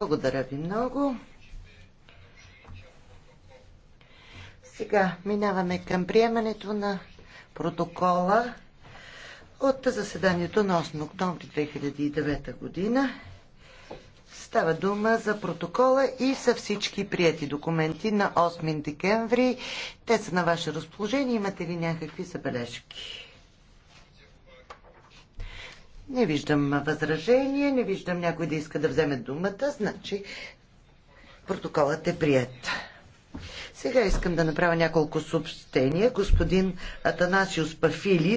Благодаря ви много. Сега минаваме към приемането на протокола от заседанието на 8 октомври 2009 година. Става дума за протокола и са всички прияти документи на 8 декември. Те са на ваше разположение. Имате ли някакви забележки? Не виждам възражение, не виждам някой да иска да вземе думата, значи протоколът е прият. Сега искам да направя няколко съобщения. Господин Атанасиус Пафили